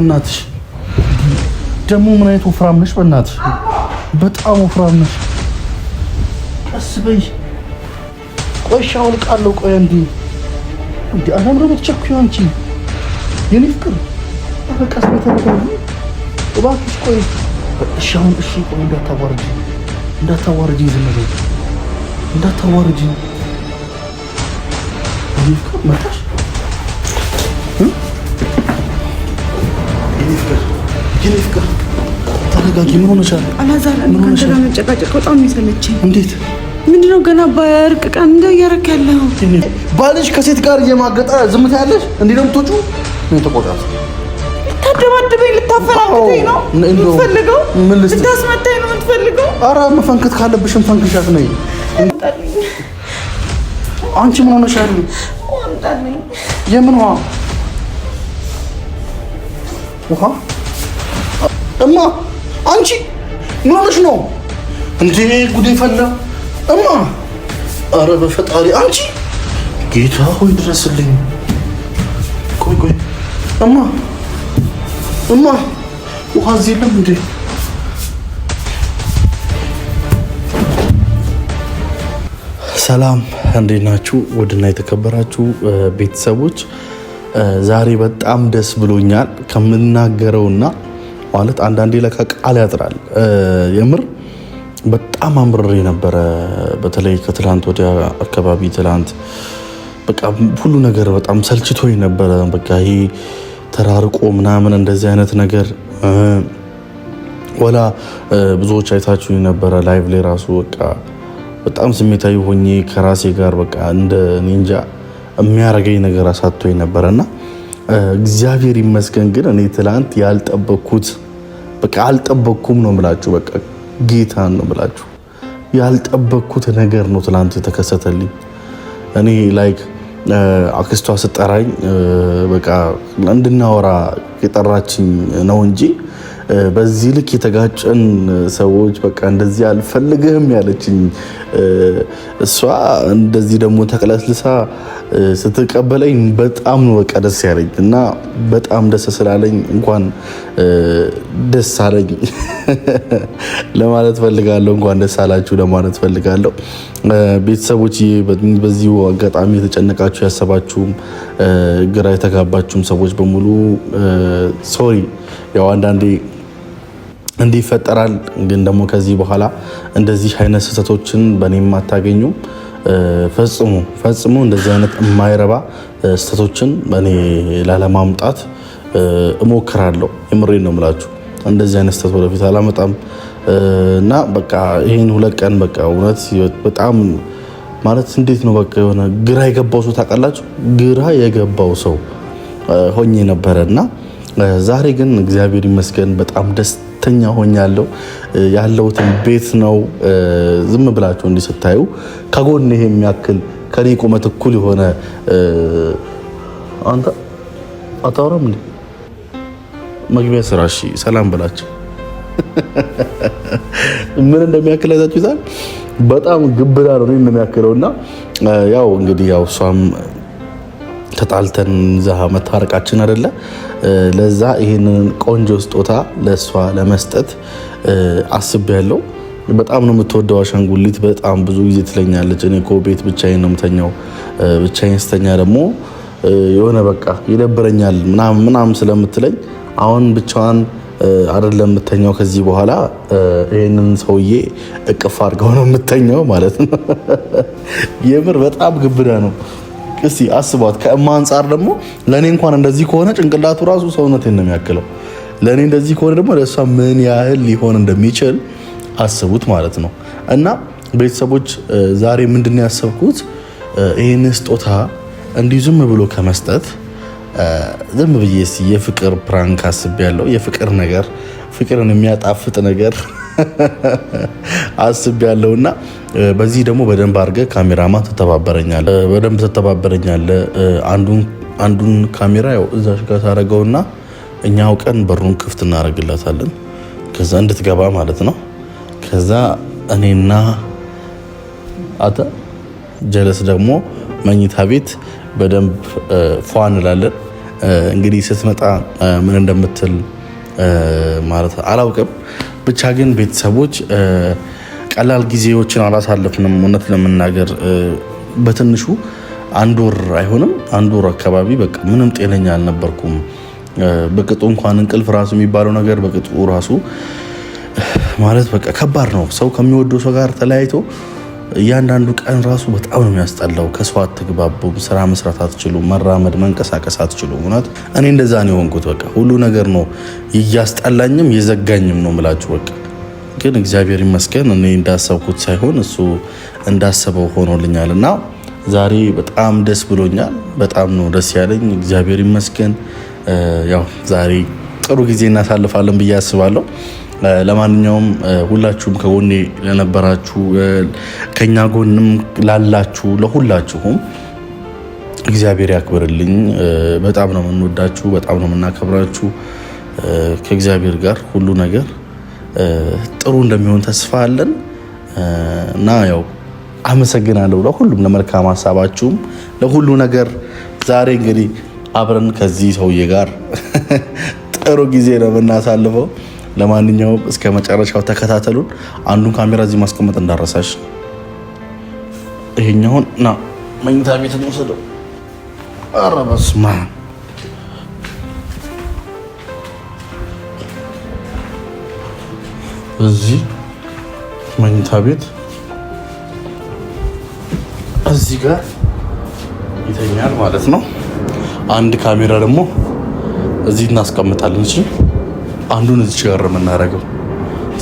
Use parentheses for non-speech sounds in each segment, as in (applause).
በእናትሽ ደግሞ ምን አይነት ወፍራም ነሽ? በእናትሽ በጣም ወፍራም ነሽ። ቀስ በይ። ቆይ ቃለው ቆይ እንዲ እንዲ አላምሮ ብትቸኩኝ አንቺ የኔ ፍቅር በተረጋጊ እባክሽ። ቆይ እሺ፣ ቆይ እንዳታዋርጂ፣ እንዳታዋርጂ፣ ዝም በይ፣ እንዳታዋርጂ። የኔ ፍቅር መጣሽ ፍቅር የኔ ፍቅር ተረጋጊ። ምን ሆነሻል? አላዛር ከአንተ ጋር መጨቃጨቅ በጣም የሚሰለችኝ። እንዴት ምንድነው ገና በእርቅ ቀን እንደ እያረክ ያለው ባልሽ ከሴት ጋር እየማገጠ ዝምታ ያለሽ እንዲህ ነው የምትወጪው? ምን ተቆጣት ልታደባድበኝ ልታፈናቅተኝ ነው የምትፈልገው? ልታስመታኝ ነው የምትፈልገው? ኧረ መፈንከት ካለብሽም ፈንክሻት ነይ። አንቺ ምን ሆነሻል? የምን ውሃ ውሃ እማ አንቺ ምን ሆነሽ ነው እንዴ? ጉዴ ፈላ። እማ አረ በፈጣሪ አንቺ ጌታ ሆይ ድረስልኝ። ቆይ ቆይ እማ እማ ውሃ እዚህ የለም እንዴ? ሰላም እንዴት ናችሁ? ውድና የተከበራችሁ ቤተሰቦች ዛሬ በጣም ደስ ብሎኛል ከምናገረውና ማለት አንዳንዴ ለካ ቃል ያጥራል። የምር በጣም አምርሬ ነበረ። በተለይ ከትላንት ወደ አካባቢ ትላንት በቃ ሁሉ ነገር በጣም ሰልችቶኝ ነበረ። በቃ ይሄ ተራርቆ ምናምን እንደዚህ አይነት ነገር ወላ ብዙዎች አይታችሁ ነበረ። ላይቭ ላይ ራሱ በቃ በጣም ስሜታዊ ሆኜ ከራሴ ጋር በቃ እንደ ኒንጃ የሚያደርገኝ ነገር አሳቶ ነበረ እግዚአብሔር ይመስገን ግን እኔ ትላንት ያልጠበኩት በቃ አልጠበኩም ነው የምላችሁ። በቃ ጌታን ነው የምላችሁ ያልጠበኩት ነገር ነው ትላንት የተከሰተልኝ። እኔ ላይክ አክስቷ ስጠራኝ በቃ እንድናወራ የጠራችኝ ነው እንጂ በዚህ ልክ የተጋጨን ሰዎች በቃ እንደዚህ አልፈልግህም ያለችኝ እሷ እንደዚህ ደግሞ ተቅለስልሳ ስትቀበለኝ በጣም ነው በቃ ደስ ያለኝ እና በጣም ደስ ስላለኝ እንኳን ደስ አለኝ (laughs) ለማለት ፈልጋለሁ። እንኳን ደስ አላችሁ ለማለት ፈልጋለሁ። ቤተሰቦች በዚሁ አጋጣሚ የተጨነቃችሁ ያሰባችሁም፣ ግራ የተጋባችሁም ሰዎች በሙሉ ሶሪ። ያው አንዳንዴ እንዲህ ይፈጠራል፣ ግን ደግሞ ከዚህ በኋላ እንደዚህ አይነት ስህተቶችን በእኔም አታገኙም። ፈጽሞ ፈጽሞ እንደዚህ አይነት የማይረባ ስህተቶችን እኔ ላለማምጣት እሞክራለሁ። የምሬ ነው የምላችሁ። እንደዚህ አይነት ስህተት ወደፊት አላመጣም እና በቃ ይህን ሁለት ቀን በቃ እውነት በጣም ማለት እንዴት ነው በቃ የሆነ ግራ የገባው ሰው ታውቃላችሁ፣ ግራ የገባው ሰው ሆኜ ነበረ እና ዛሬ ግን እግዚአብሔር ይመስገን በጣም ደስ ሁለተኛ ሆኛለሁ ያለሁትን ቤት ነው። ዝም ብላችሁ እንዲህ ስታዩ ከጎን ይሄ የሚያክል ከኔ ቁመት እኩል የሆነ አንተ አታወራም እንዴ? መግቢያ ስራ እሺ፣ ሰላም ብላችሁ (laughs) ምን እንደሚያክል አይታችሁ ይዛል። በጣም ግብዳ ነው እኔን እንደሚያክለው እና ያው እንግዲህ ያው እሷም ተጣልተን ዛ መታረቃችን አይደለ ለዛ ይህንን ቆንጆ ስጦታ ለእሷ ለመስጠት አስቤያለሁ። በጣም ነው የምትወደው አሻንጉሊት። በጣም ብዙ ጊዜ ትለኛለች፣ እኔ እኮ ቤት ብቻዬን ነው የምተኛው፣ ብቻዬን ስተኛ ደግሞ የሆነ በቃ ይደብረኛል ምናምን ስለምትለኝ አሁን ብቻዋን አይደለም የምተኛው። ከዚህ በኋላ ይህንን ሰውዬ እቅፍ አድርገው ነው የምተኛው ማለት ነው። (laughs) የምር በጣም ግብዳ ነው። እስቲ አስቧት። ከእማ አንጻር ደግሞ ለእኔ እንኳን እንደዚህ ከሆነ ጭንቅላቱ ራሱ ሰውነቴን ነው የሚያክለው። ለእኔ እንደዚህ ከሆነ ደግሞ ለእሷ ምን ያህል ሊሆን እንደሚችል አስቡት ማለት ነው። እና ቤተሰቦች ዛሬ ምንድን ነው ያሰብኩት ይህን ስጦታ እንዲህ ዝም ብሎ ከመስጠት ዝም ብዬ እስኪ የፍቅር ፕራንክ አስቤያለሁ። የፍቅር ነገር ፍቅርን የሚያጣፍጥ ነገር (laughs) አስብ አስቤያለሁና በዚህ ደግሞ በደንብ አድርገ ካሜራማ ትተባበረኛለ። በደንብ ትተባበረኛለህ። አንዱን አንዱን ካሜራ ያው እዛሽ ጋር ና እኛ አውቀን በሩን ክፍት እናደርግላታለን። ከዛ እንድትገባ ማለት ነው። ከዛ እኔና አተ ጀለስ ደግሞ መኝታ ቤት በደንብ ፏ እንላለን። እንግዲህ ስትመጣ ምን እንደምትል ማለት አላውቅም። ብቻ ግን ቤተሰቦች ቀላል ጊዜዎችን አላሳለፍንም። እውነት ለመናገር በትንሹ አንድ ወር አይሆንም አንድ ወር አካባቢ በቃ ምንም ጤነኛ አልነበርኩም። በቅጡ እንኳን እንቅልፍ ራሱ የሚባለው ነገር በቅጡ ራሱ ማለት በቃ ከባድ ነው። ሰው ከሚወደው ሰው ጋር ተለያይቶ እያንዳንዱ ቀን ራሱ በጣም ነው የሚያስጠላው። ከሰው አትግባቡም፣ ስራ መስራት አትችሉም፣ መራመድ መንቀሳቀስ አትችሉም። እውነት እኔ እንደዛ ነው የሆንኩት። በቃ ሁሉ ነገር ነው እያስጠላኝም የዘጋኝም ነው የምላችሁ በቃ ግን እግዚአብሔር ይመስገን እኔ እንዳሰብኩት ሳይሆን እሱ እንዳሰበው ሆኖልኛል እና ዛሬ በጣም ደስ ብሎኛል። በጣም ነው ደስ ያለኝ። እግዚአብሔር ይመስገን። ያው ዛሬ ጥሩ ጊዜ እናሳልፋለን ብዬ አስባለሁ። ለማንኛውም ሁላችሁም ከጎኔ ለነበራችሁ፣ ከኛ ጎንም ላላችሁ ለሁላችሁም እግዚአብሔር ያክብርልኝ። በጣም ነው የምንወዳችሁ፣ በጣም ነው የምናከብራችሁ። ከእግዚአብሔር ጋር ሁሉ ነገር ጥሩ እንደሚሆን ተስፋ አለን እና ያው አመሰግናለሁ ለሁሉም ለመልካም ሀሳባችሁም ለሁሉ ነገር። ዛሬ እንግዲህ አብረን ከዚህ ሰውዬ ጋር (laughs) ጥሩ ጊዜ ነው የምናሳልፈው። ለማንኛውም እስከ መጨረሻው ተከታተሉን። አንዱን ካሜራ እዚህ ማስቀመጥ እንዳረሳሽ። ይሄኛውን ና መኝታ ቤት ወሰደው። ኧረ በስመ አብ እዚህ መኝታ ቤት እዚህ ጋር ይተኛል ማለት ነው። አንድ ካሜራ ደግሞ እዚህ እናስቀምጣለን። እሺ፣ አንዱን እዚህ ጋር የምናደርገው።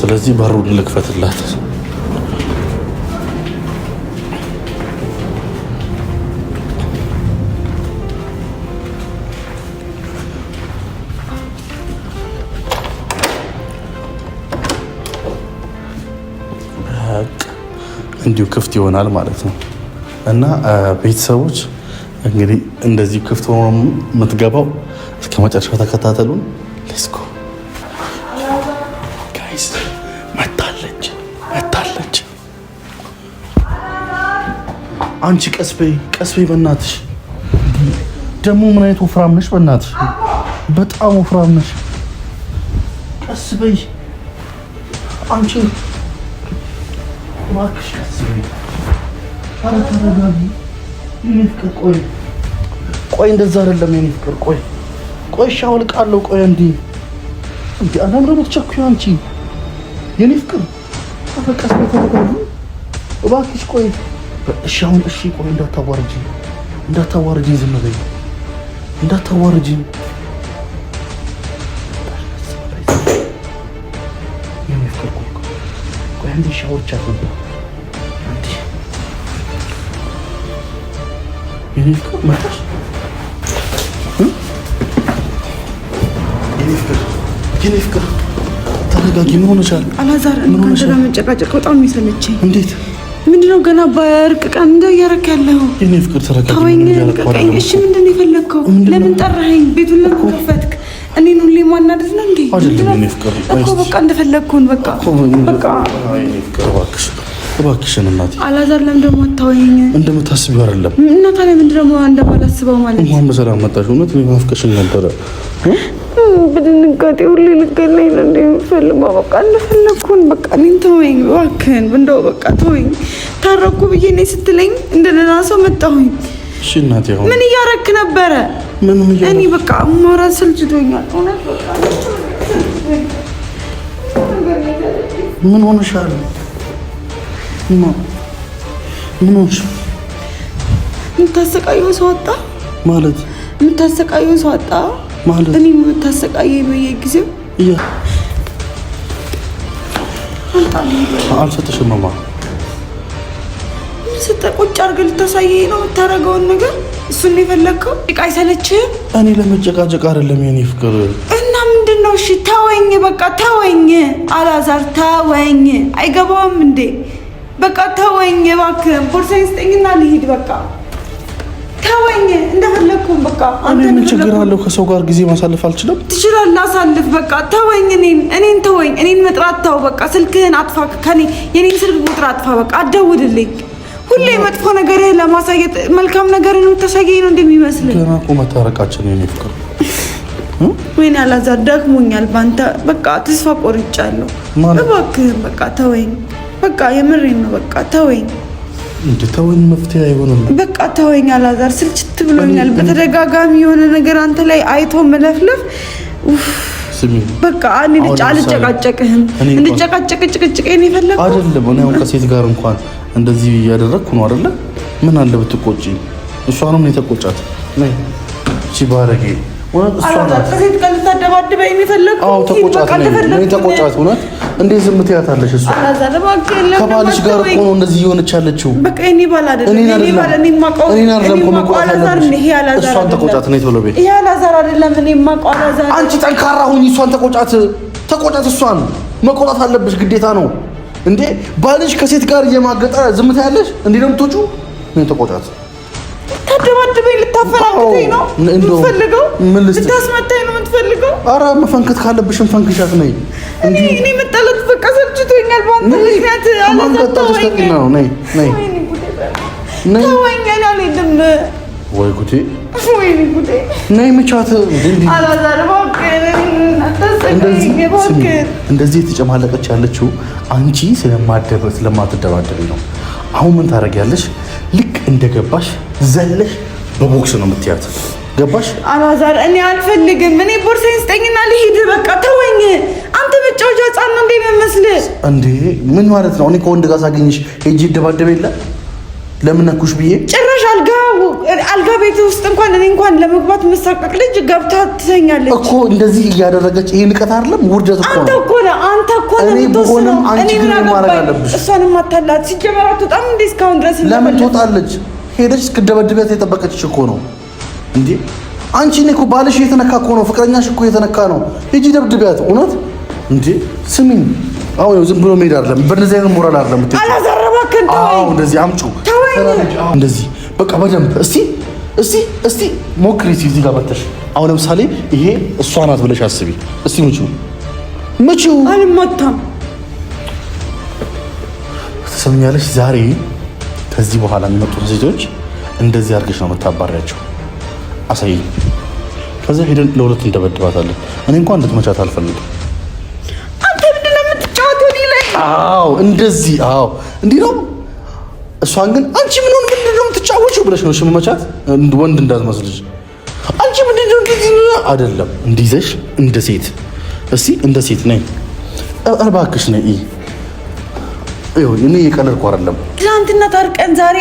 ስለዚህ በሩን ልክፈትላት። እንዲሁ ክፍት ይሆናል ማለት ነው እና ቤተሰቦች እንግዲህ እንደዚህ ክፍት ሆኖ የምትገባው እስከ መጨረሻ ተከታተሉን። ሌስኮ ጋይስ መታለች መታለች። አንቺ ቀስቤ ቀስቤ፣ ቀስ በእናትሽ። ደግሞ ምን አይነት ወፍራም ነሽ በእናትሽ፣ በጣም ወፍራም ነሽ። ቀስ አንቺ እባክሽ ቀስ በይ። ተረጋጊ የኔ ፍቅር። ቆይ ቆይ፣ እንደዛ አይደለም የኔ ፍቅር። ቆይ ቆይ፣ እሺ አወልቃለሁ። ቆይ እንዲ እንዲ አላምረም። አንቺ የኔ ፍቅር። ኧረ ቀስ በይ ተረጋጊ እባክሽ። ቆይ እሺ አሁን እሺ። ቆይ እንዳታዋርጂ እንዳታዋርጂ፣ ዝም በይ እንዳታዋርጂ። ሻወር ቻት የኔ ፍቅር ተረጋጊ። ምን ሆነሻል? አላዛር ከአንተ ጋር መንጨቃጨቅ በጣም የሚሰለቸኝ። እንዴት ምንድነው ገና በእርቅ ቀን እንደ እያደረክ ያለው? የኔ ፍቅር ተረጋጊ። እሺ ምንድን ነው የፈለግከው? ለምን ጠራኸኝ? ቤቱን ለምን ከፈትክ? እኔን ሁሌ ማናደድ ነው እንዴ? በቃ እንደፈለግኩን በቃ በቃ እባክሽን እናቴ። አላዛር ለምን ደግሞ አታወኝ? እንደምታስቢው አይደለም። እና ታዲያ ምንድን ደግሞ እንደማላስበው ማለት ነው? በሰላም መጣሽ። እውነት ናፍቀሽኝ ነበረ። በድንጋጤ ሁሌ ልገናኝ ነው እንደሚፈልገው። በቃ እንደፈለግኩን በቃ እኔን ተወኝ እባክህን፣ እንደው በቃ ተወኝ። ታረኩ ብዬ እኔ ስትለኝ እንደ ደህና ሰው መጣሁኝ። እሺ እናቴ፣ አሁን ምን እያረክ ነበረ? ምንም እያረክ እኔ በቃ ማውራት ሰልችቶኛል። እውነት በቃ ምን ሆነሻል? ምን ሆንሽ? የምታሰቃየው ሰው አጣ ማለት የምታሰቃየው ሰው አጣ ማለት እኔ የምታሰቃየው በየጊዜው አልሰጥሽም። እማ ምን ሰጠህ? ቁጭ አድርገህ ልታሳየኝ ነው የምታደርገውን ነገር እሱን ነው የፈለግከው? ጭቃ አይሰለችህም? እኔ ለመጨቃጨቅ አይደለም የኔ ፍቅር ነው? እሺ ተወኝ፣ በቃ ተወኝ፣ አላዛር ተወኝ። አይገባውም እንዴ በቃ ተወኝ እባክህን፣ ቦርሳዬን ስጠኝና ልሂድ። በቃ ተወኝ፣ እንደፈለግኩም በቃ። አንተ ምን ችግር አለው? ከሰው ጋር ጊዜ ማሳለፍ አልችልም? ትችላለህ፣ አሳልፍ። በቃ ተወኝ፣ እኔን እኔን ተወኝ፣ እኔን መጥራት ተው። በቃ ስልክህን አጥፋ፣ ከኔ የኔን ስልክ ቁጥር አጥፋ። በቃ አደውልልኝ። ሁሌ መጥፎ ነገርህ ለማሳየት መልካም ነገርን የምታሳየኝ ነው እንደሚመስል። ገና እኮ መታረቃችን ነው ፍቅር ወይኔ አላዛር፣ ደክሞኛል ባንተ። በቃ ተስፋ ቆርጫለሁ። እባክህን በቃ ተወኝ። በቃ የምሬን ነው። በቃ ተወኝ፣ እንደ ተወኝ መፍትሄ አይሆንም። በቃ ተወኝ አላዛር፣ ስልችት ብሎኛል። በተደጋጋሚ የሆነ ነገር አንተ ላይ አይቶ መለፍለፍ በቃ እኔ ልጅ አልጨቃጨቅህም። እንድጨቃጨቅ ጭቅጭቄን የፈለግ አይደለም። እኔ አሁን ከሴት ጋር እንኳን እንደዚህ እያደረግኩ ነው አይደለ? ምን አለ ብትቆጪ? እሷንም ነው የተቆጫት። ነይ ባረጌ ተቆጫት እውነት እንዴት ዝም ትያታለሽ? እሷ ከባልሽ ጋር እኮ ነው እንደዚህ እየሆነች ያለችው። እሷን ተቆጫት። አንቺ ጠንካራ ሁኚ። እሷን ተቆጫት፣ ተቆጫት። እሷን መቆጣት አለብሽ፣ ግዴታ ነው እንዴ። ባልሽ ከሴት ጋር እየማገጠ ዝም ትያለሽ? እንዴ ነው የምትወጪው? ተቆጫት። ልታፈናቅተኝ ነው የምትፈልገው? ልታስመታኝ ነው የምትፈልገው? ኧረ መፈንከት ካለብሽም ፈንክሻት ነይ። እኔ በቃ ሰልችቶኛል። በአንተ ምክንያት ነው። ነይ ነይ ተወኛል። አልሄድም ወይ ጉዴ፣ ወይኔ ጉዴ። ነይ ምቻት። እንደዚህ የተጨማለቀች ያለችው አንቺ ስለማትደባደቢ ነው። አሁን ምን ታደርጊያለሽ? ልክ እንደገባሽ ዘለሽ በቦክስ ነው የምትያት። ገባሽ አላዛር? እኔ አልፈልግም። እኔ ቦርሳዬን ስጠኝና ልሂድ። በቃ ተወኝ። አንተ መጫወቻ ህጻን ነው እንዴ መመስልህ? እንዴ ምን ማለት ነው? እኔ ከወንድ ጋር ሳገኝሽ ሄጅ ይደባደብ የለ ለምነኩሽ ብዬ ጭራሽ አልጋ አልጋ ቤት ውስጥ እንኳን እኔ እንኳን ለመግባት መሳቀቅ ልጅ ገብታ ትተኛለች እኮ እንደዚህ እያደረገች። ይሄ ንቀት አይደለም፣ ውርደት እኮ ነው። አንተ እኮ ነህ አንተ እኮ ነህ። እኔ ብሆንም አንቺ ግን ማድረግ አለብሽ። እሷንም አታላት ሲጀመራት በጣም እንዴ እስካሁን ድረስ ለምን ትወጣለች? ሄደች እስክደበድበት የጠበቀችሽ እኮ ነው እንዴ አንቺ። እኔ እኮ ባልሽ የተነካ እኮ ነው፣ ፍቅረኛሽ እኮ የተነካ ነው። ሂጂ ደብድቢያት። እውነት እንዴ ስሚኝ፣ አሁን ዝም ብሎ መሄድ አይደለም፣ በእንደዚህ አይነት ሞራል አይደለም። እንደዚህ አምጩ፣ እንደዚህ በቃ በደንብ እስቲ እስቲ እስቲ ሞክሪ። እዚህ ጋር መተሽ አሁን ለምሳሌ ይሄ እሷ ናት ብለሽ አስቢ እስቲ። ምቹ ምቹ አልመታም። ትሰምኛለሽ ዛሬ ከዚህ በኋላ የሚመጡትን ሴቶች እንደዚህ አድርገሽ ነው የምታባሪያቸው፣ አሳይ። ከዚ ሄደን ለሁለት እንደበድባታለን። እኔ እንኳን እንድትመቻት አልፈልግም። አንተ ምንድን ነው የምትጫወተው? እኔ ላይ አዎ፣ እንደዚህ አዎ፣ እንዲህ ነው። እሷን ግን አንቺ ምን ሆን ምንድን ነው የምትጫወችው ብለሽ ነው ሽመቻት ወንድ እንዳትመስልሽ። አንቺ ምንድን ነው እንደዚህ አይደለም፣ እንዲይዘሽ እንደ ሴት እስቲ እንደ ሴት ነኝ፣ እባክሽ ነይ። እኔ የቀለድኩ አይደለም ትናንትና ታርቀን ዛሬ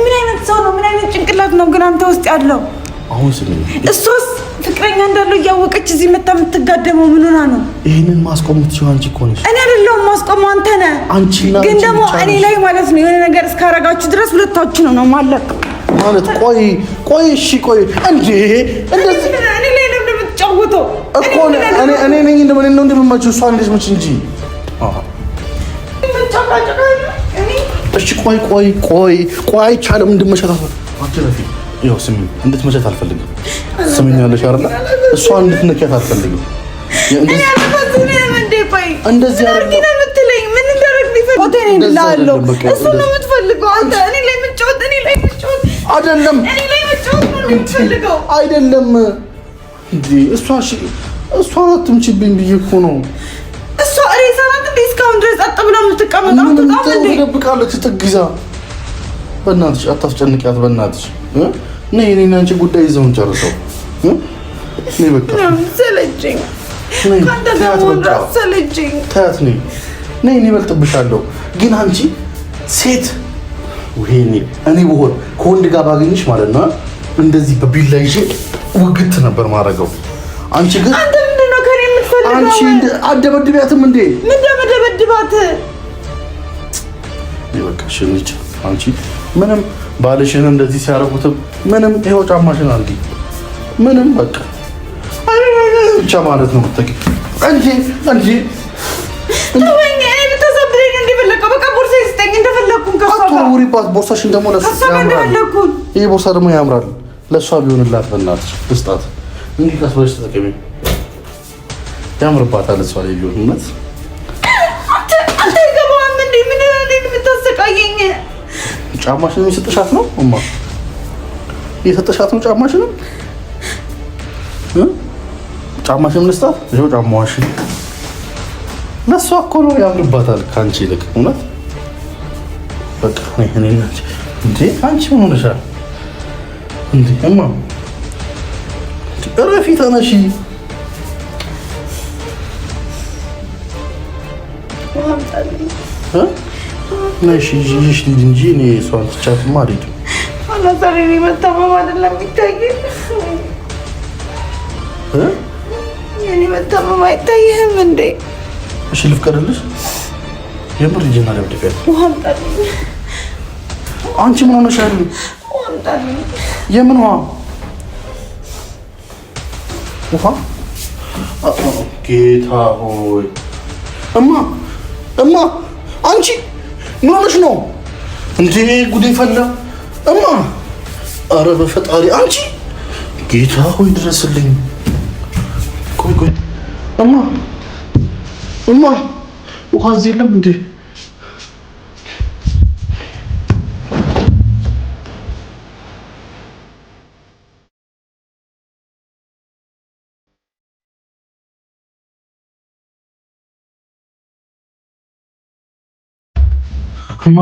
ምን አይነት ሰው ነው? ምን አይነት ጭንቅላት ነው ግን አንተ ውስጥ ያለው? አሁን እሷስ ፍቅረኛ እንዳለው እያወቀች እዚህ መታ የምትጋደመው ምን ሆና ነው? ይህንን ማስቆም ትችው አንቺ እኮ ነሽ። እኔ አይደለሁም ማስቆመው አንተ ነህ። ግን ደግሞ እኔ ላይ ማለት ነው የሆነ ነገር እስካረጋችሁ ድረስ ሁለታችሁ ነው ነው ማለቅ ማለት። ቆይ ቆይ፣ እሺ ቆይ፣ እንዴ እንደዚህ እኔ ላይ ነው እንደምትጫወተው እኮ እኔ ነኝ እንደምን ነው እንደምማችሁ እሷ እንዴት መች እንጂ እሺ ቆይ ቆይ ቆይ ቆይ አይቻልም። አትለፊ። ይኸው ስሚ፣ እንድትመሸት አልፈልግም። ስሚኝ ያለሽ አይደለ? እሷ እንድትነኪያት አልፈልግም። እንደዚህ አይደለም። እሷ እሷ አትምችብኝ ብዬ እኮ ነው ድረስ ጸጥ ብላ የምትቀመጠው ትደብቃለች። ጥግዛ በእናትሽ አታስጨንቂያት። በእናትሽ እኔ እኔና አንቺ ጉዳይ ይዘውን ጨርሰው እኔ በቃ ሰለችኝ። ታያት እኔ እኔ እበልጥብሻለሁ። ግን አንቺ ሴት ወይኔ እኔ ብሆን ከወንድ ጋር ባገኝሽ ማለት ነው እንደዚህ በቢላ ይዤ ውግት ነበር ማድረገው። አንቺ ግን አንቺ አደበድቢያትም እንዴ? ምን ደበደበድባት? ይበቃሽ ልጅ። አንቺ ምንም ባልሽን እንደዚህ ሲያረጉትም ምንም ይኸው ጫማሽን አድርጊ። ምንም በቃ ብቻ ማለት ነው ተቂ እንጂ እንጂ ተወኝ። በቃ ቦርሳሽን ደግሞ ለእሷ ይህ ቦርሳ ደግሞ ያምራል። ለእሷ ቢሆንላት በእናትሽ ልስጣት እንዲህ ቀስ ተጠቀሚ። ያምርባታል። እሷ ላይ ቢሆን እውነት ጫማሽን የሰጠሻት ነው እማ የሰጠሻት ነው ጫማሽንም ጫማሽን ልስጣት። ይኸው ጫማዋሽን ለእሷ እኮ ነው ያምርባታል ከአንቺ ይልቅ እውነት በቃ እኔ እንዴ አንቺ ምን ሆነሻል? እንዴ እማ እረፊ ተነሺ ነሽ ይሽ ልጅ እንጂ እኔ እሷን ትቻትማ አልሄድም። ዛሬ እኔ መታመም አይደለም የሚታየኝ እኔ መታመም አይታየህም እንዴ? እሺ ልፍቀድልሽ? የምር ልጅና ደብድቤያት። ውሃ አምጣልኝ። አንቺ ምን ሆነሻል? ውሃ አምጣልኝ። የምን ውሃ? ውሃ? ጌታ ሆይ! እማ እማ አንቺ ምን ሆነሽ ነው እንዴ? ጉዴ ፈላ እማ። አረ በፈጣሪ አንቺ ጌታ ሆይ ድረስልኝ። ቆይ ቆይ እማ፣ እማ ውሃ እዚህ የለም እንዴ? እማ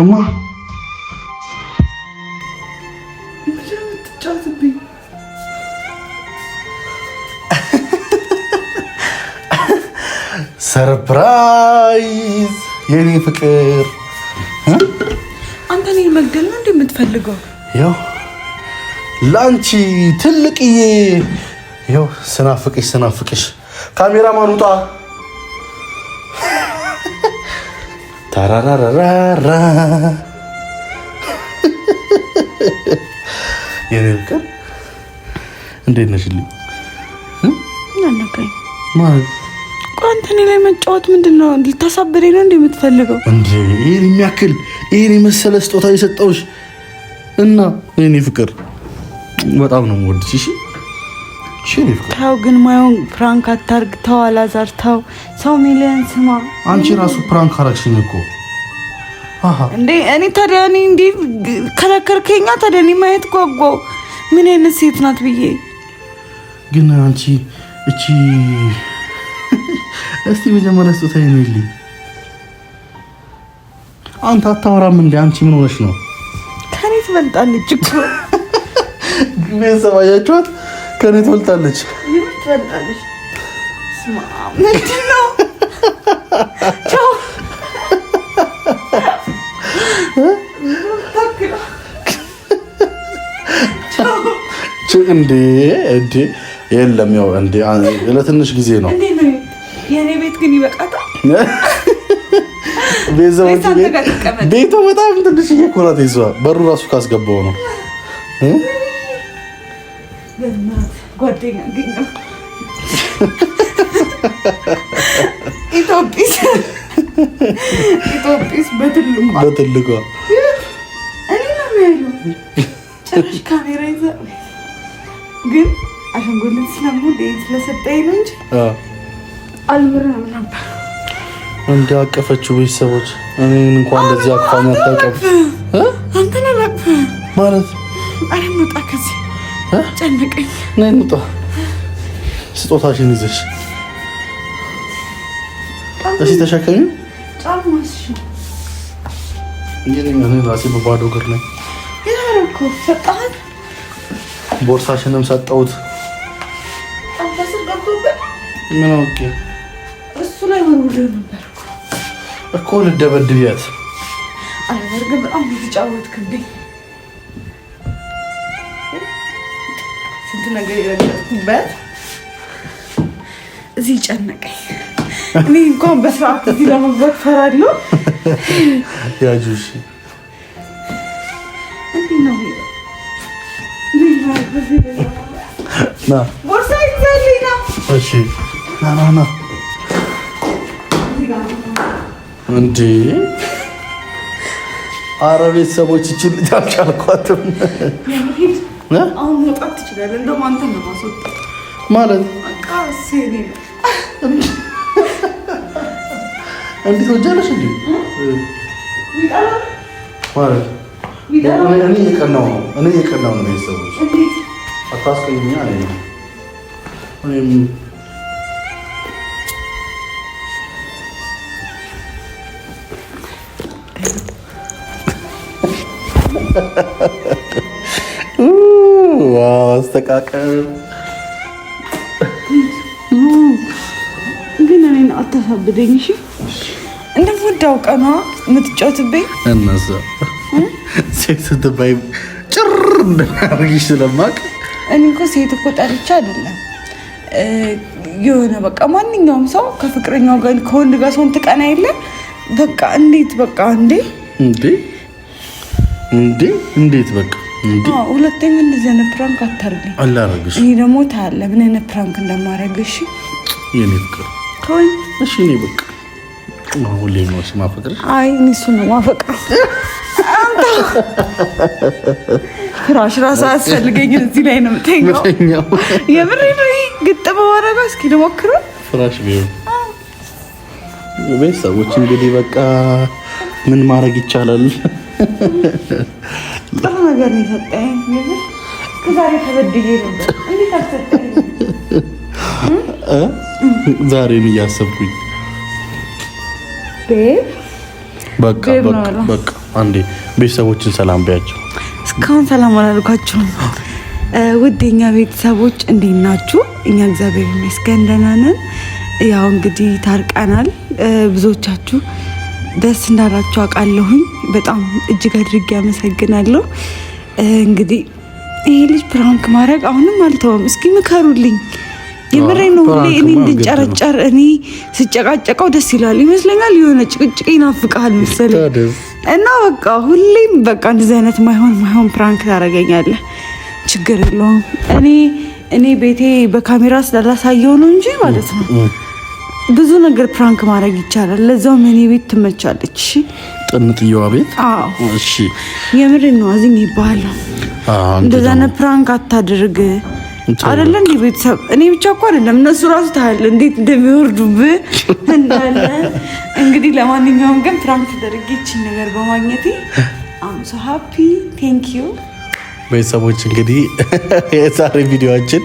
እማ ሰርፕራይዝ የኔ ፍቅር አንተ እኔን መግደል ነው እንደ የምትፈልገው? ያው ለአንቺ ትልቅዬ ያው ስናፍቅሽ ስናፍቅሽ ካሜራማን ውጣ ታራራራራ የኔ ፍቅር እንዴት ነሽልኝ? አንተ እኔ ላይ መጫወት ምንድን ነው? ነው እንደ የምትፈልገው? ይህን የሚያክል ይህን የመሰለ ስጦታ የሰጠውሽ እና የኔ ፍቅር በጣም ነው የምወድሽ። ተው ግን ማየውን ፕራንክ አታርግ። ተው አላዛር ተው። ሰው ሚሊዮን ስማ። አንቺ ራሱ ፕራንክ አረግሽኝ እኮ እንዴ! እኔ ታዲያ እኔ እንዲ ከለከልከኛ። ታዲያ እኔ ማየት ጓጓ። ምን አይነት ሴት ናት ብዬ ግን አንቺ እቺ (laughs) እስቲ መጀመሪያ ስጦታ የሚልኝ አንተ አታወራም እንዴ? አንቺ ምን ሆነሽ ነው? ከኔ ትበልጣለች እኮ (laughs) ቤተሰብ አያችኋት ከኔ ትበልጣለች። እንዴ እንዴ! የለም ያው እንዴ ለትንሽ ጊዜ ነው። የኔ ቤት ግን ይበቃታል። (laughs) ቤቱ በጣም ትንሽ እኮ ይዟ በሩ ራሱ ካስገባው ነው ጓደኛ አገኘሁ። ኢትዮጵስ ኢትዮጵስ በትልቋ በትልቋ እኔ ነው ያለው። ጭራሽ ካሜራ ይዛ ግን አሸንጎልን ስለምወድ ስለሰጠኝ ነው እንጂ አልምርም ነበር። አቀፈችው ቤተሰቦች እንኳን እንደዚህ ማለት አረ እንውጣ ከዚህ ጨነቀኝ። ነይ እንውጣ። ስጦታሽን ይዘሽ እሺ፣ ተሸከሚ። በባዶ እግር ነኝ። ቦርሳሽንም ሰጠሁት። ምን አውቄ እሱ ላይ ወርውሬ ነበር እኮ ልደበድቢያት። ኧረ በእርግጥ በጣም ነው የተጫወትክብኝ። ነገር የረገጥኩበት እዚህ ጨነቀኝ። (laughs) እኔ እንኳን በስርዓት እዚህ ለመግባት ፈራለሁ። ያጁሽ እንዴ አረ ቤተሰቦች ይችል ልጅ አልቻልኳትም። አሁን መውጣት ትችላለህ። ማለት እንዴት ወጃለሽ? እንዴ ማለት እኔ የቀናው ነው እኔ የቀናው ነው ቤተሰቦች አታስቀኝኛ አስተቃቀም ግን እኔን አታሳብደኝ። እሺ እንደምወድ አውቀህ የምትጫወትብኝ። ሴት ስትባይ ጭር እኔ እኮ ሴት እኮ ጠርቻ አይደለም የሆነ በቃ ማንኛውም ሰው ከፍቅረኛው ጋር ከወንድ ጋር ሰውን ትቀና የለ በቃ እንዴት በቃ እንዴ እንዴ እንዴት በቃ ሁለተኛ እንደዚህ አይነት ፕራንክ አታርግኝ። አላረግሽ። እኔ ደግሞ ታያለህ ምን አይነት ፕራንክ እንደማረግሽ። የኔ ፍቅር ተወኝ እሺ። እኔ በቃ ሁሌ ነው አይ እኔ እሱ ነው ማፈቅር። ፍራሽ ራስ አያስፈልገኝ። እዚህ ላይ ነው የምተኛው። የምሬ ነው። ግጥም ማረጋ እስኪ ልሞክር። ፍራሽ ቢሆን ቤተሰቦች እንግዲህ በቃ ምን ማድረግ ይቻላል? ጥሩ ነገር ነው የሰጠኝ። ከዛሬ ተበድዬ ነበር። እንዴት ዛሬን እያሰብኩኝ በቃ አንዴ ቤተሰቦችን ሰላም ቢያቸው። እስካሁን ሰላም አላልኳቸውም። ውድ የኛ ቤተሰቦች እንዴት ናችሁ? እኛ እግዚአብሔር ይመስገን ደህና ነን። ያው እንግዲህ ታርቀናል ብዙዎቻችሁ ደስ እንዳላችሁ አውቃለሁኝ። በጣም እጅግ አድርጌ አመሰግናለሁ። እንግዲህ ይሄ ልጅ ፕራንክ ማድረግ አሁንም አልተውም። እስኪ ምከሩልኝ። የምሬ ነው። ሁሌ እኔ እንድጨረጨር እኔ ስጨቃጨቀው ደስ ይላል ይመስለኛል። የሆነ ጭቅጭቅ ይናፍቃል መሰለኝ እና በቃ ሁሌም በቃ እንደዚህ አይነት ማይሆን ማይሆን ፕራንክ ታደርገኛለህ። ችግር የለውም። እኔ እኔ ቤቴ በካሜራ ስላላሳየው ነው እንጂ ማለት ነው ብዙ ነገር ፕራንክ ማድረግ ይቻላል። ለዛው እኔ ቤት ትመቻለች። እሺ ጥንጥየዋ ቤት። አዎ እሺ። የምር ነው አዚኝ ይባል እንደዛ ነው። ፕራንክ አታድርግ አይደለ እንዴ? ቤተሰብ እኔ ብቻ እኮ አይደለም እነሱ ራሱ ታያለ እንዴት እንደሚወርዱብህ እንዳለ። እንግዲህ ለማንኛውም ግን ፕራንክ ተደርጌ ይችን ነገር በማግኘቴ አም ሶ ሃፒ ቴንክ ዩ ቤተሰቦች። እንግዲህ የዛሬ ቪዲዮችን